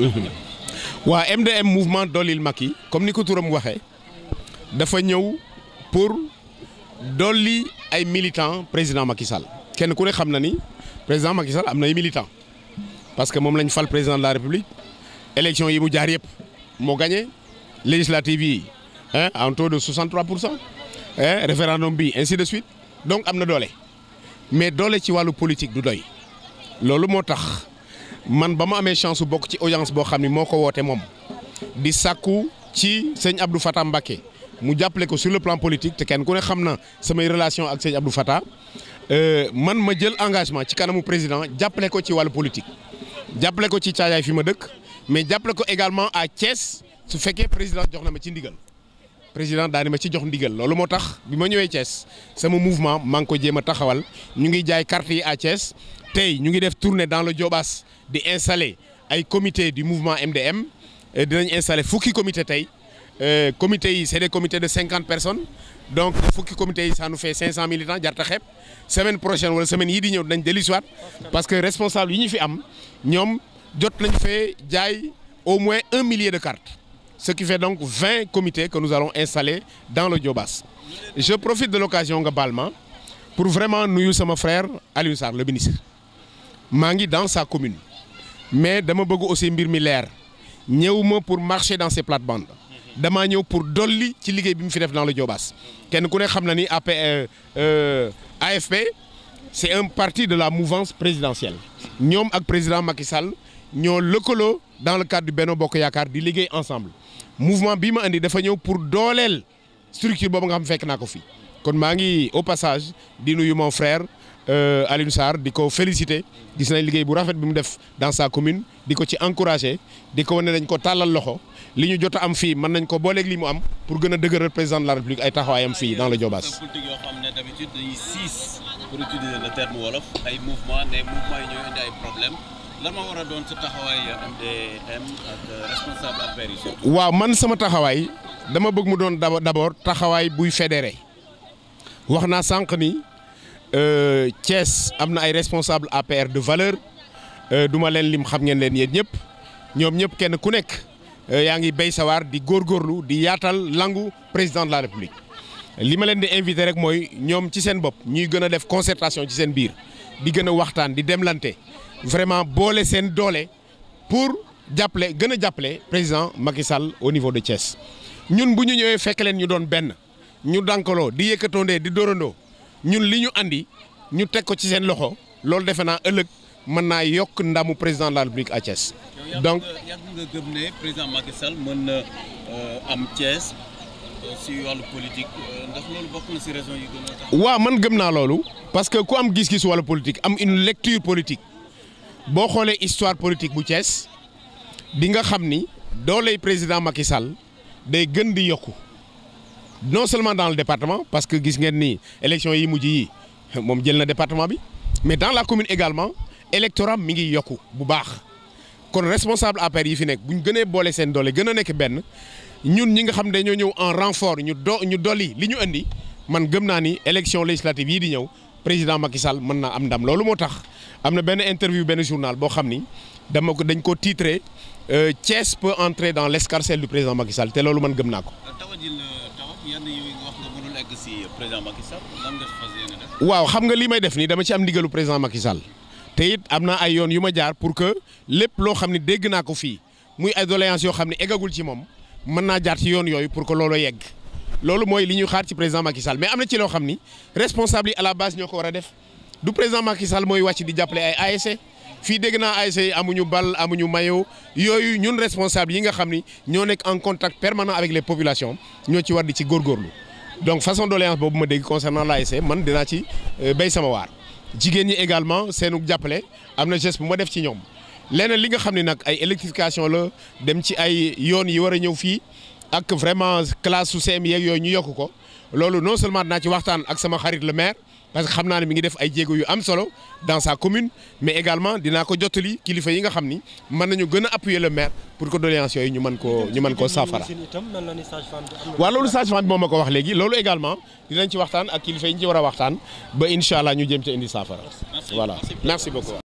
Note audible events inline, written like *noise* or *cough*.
Mhm. waa MDM mouvement Doolil Macky comme ni ko turam waxe dafa ñëw pour dolli ay militants président Macky kenn ku ne xam na ni président makisal am na ay militants parce que moom lañ fal président de la République élection yi mu jaar yëpp moo gagné législative yi en taux de 63 pour cent référendum bi ainsi de suite donc am na doole mais doole ci wàllu politique du doy loolu moo tax. man ba mu amee chance bokk ci audience boo xam ni moo ko woote moom di sàkku ci sëñ Abdou Fatah Mbacké mu jàppale ko sur le plan politique te kenn ku ne xam na samay relation ak sëñ Abdou Fatah euh, man ma jël engagement ci kanamu président jàppale ko ci wàll politique jàppale ko ci caajaay fi ma dëkk mais jàppale ko également à Thiès su fekkee président jox na ma ci ndigal président daal ma ci jox ndigal loolu moo tax bi ma ñëwee Thiès sama mouvement maa ngi ko jéem a taxawal ñu ngi jaay carte yi à Thiès tey ñu ngi def tournée dans le Diobass di installé ay comité du mouvement MDM euh, dinañ installer fukki comité tey euh, comité yi c'est des comités de cinquante personnes donc fukki comité yi ça nous cinq cent militants jarta xeeb semaine prochaine wala semaine yi di ñëw dinañ dellusiwaat parce que responsable yi ñu fi am ñoom jot nañ fee jaay au moins un millier de cartes Ce qui fait donc 20 comités que nous allons installer dans le Diobas. Je profite de l'occasion nga baal pour vraiment nuyu sama frère Alioune Sarr le ministre maa ngi dans sa commune mais dama bëgg aussi mbir mi leer ma pour marché dans ses plates-bandes damaa ñëw pour dolli ci liggéey bi mu fi def dans le Diobass kenn ku ne xam na ni AP euh, euh, AFP c'est un parti de la mouvance présidentielle ñoom ak président Macky Sall ñoo lëkkaloo dans le cadre du Benno Bokk Yaakaar di liggéey ensemble mouvement bii ma indi dafa ñëw pour dooleel structure boobu nga xam fekk naa ko fii kon maa ngi au passage di nuyu mon frère euh, Alioune Sarr di ko féliciter gis nañ liggéey bu rafet bi mu def dans sa commune di ko ci encourager di ko wane nañ ko tàllal loxo li ñu jot am fii mën nañ ko booleeg li mu am pour gën a dëgëral président de la république ay taxawaayam fii dans le Diobass. ay mouvement ne mouvement yi ñoo indi ay problèmes lan ma war a doon waaw man sama taxawaay dama bëgg mu doon d'abord taxawaay buy fédéré wax naa sànq ni cees euh, am na ay responsable APR de valeur euh, duma ma leen lim xam ngeen leen yéen ñëpp ñoom ñëpp kenn ku nekk euh, yaa ngi béy sawar di góorlu di yaatal langu président de la république. li ma leen di invité rek mooy ñoom ci seen bopp ñuy gën a def concertation ci seen biir di gën a waxtaan di demlante vraiment boole seen doole pour jàppale gën a jàppale président Macky Sall au niveau de Thiès ñun bu ñu ñëwee fekk leen ñu doon benn ñu dankaloo di yëkkatoondee di dóorandoo ñun li ñu indi ñu teg ko ci seen loxo loolu defe naa ëllëg mën naa yokk ndamu président de la République à Thiès. donc président Macky mën na euh, am Thiès si wàllu politique euh, waaw man gëm naa loolu parce que ku am gis-gis wàllu politique am une lecture politique boo xoolee histoire politique bu cees di nga xam ni dooley président Macky Sall day gën di yokk non seulement dans le parce que gis ngeen ni élection yi mujj yi *laughs* moom jël na département bi mais dans la commune également électorat mi ngi yokku bu baax kon responsable APR yi fi nekk bu ñu gënee boole seen doole gën a nekk benn. ñun ñi nga xam dañoo ñëw en renfort ñu do ñu dolli li ñu indi man gëm naa ni élection législative yii di ñëw président Macky Sall mën naa am ndam loolu moo tax am na benn interview benn journal boo xam ni dama ko dañ ko titré euh, Thiès peut entre dans l'escarcelle du président Macky te loolu man gëm naa ko. Euh, euh, waaw xam nga li may def nii dama ci am ndigalu président Macky te it am naa ay yoon yu ma jaar pour que lépp loo xam ne dégg naa ko fii muy ay doléances yoo xam ne eggagul ci moom. mën naa jaar ci yoon yooyu pour que loolu yegg loolu mooy li ñuy xaar ci président Macky Sall mais am na ci loo xam ni responsable yi à la base ñoo ko war a def du président makisal Sall mooy wàcc di jàppale ay ASC e. fii dégg naa ASC e yi amuñu bal amuñu maillot yooyu ñun responsable yi nga xam ni ñoo nekk en contact permanent avec les populations ñoo ci war di ci góor góorgóorlu donc façon doléance boobu ma dégg concernant l'ASC e, man dinaa ci euh, béy sama waar jigéen ñi également seenu jàppale am na geste bu ma def ci ñoom leneen li nga xam ne nag ay électrification la dem ci ay yoon yi war a ñëw fii ak vraiment classe su CM yeeg yooyu ñu yokk ko loolu non seulement dinaa ci waxtaan ak sama xarit le maire parce que xam naa ne mi ngi def ay jéego yu am solo dans sa commune mais également dinaa ko jottali kilifa yi nga xam ni mën nañu gën a appuyer le maire pour que doléances yooyu ñu mën koo ñu mën koo saafara. waaw loolu sage-femme bi moom ma ko wax léegi loolu également dinañ ci waxtaan ak kilifa yi ñu ci war a waxtaan ba incha allah ñu jëm ci indi saafara. voilà merci beaucoup.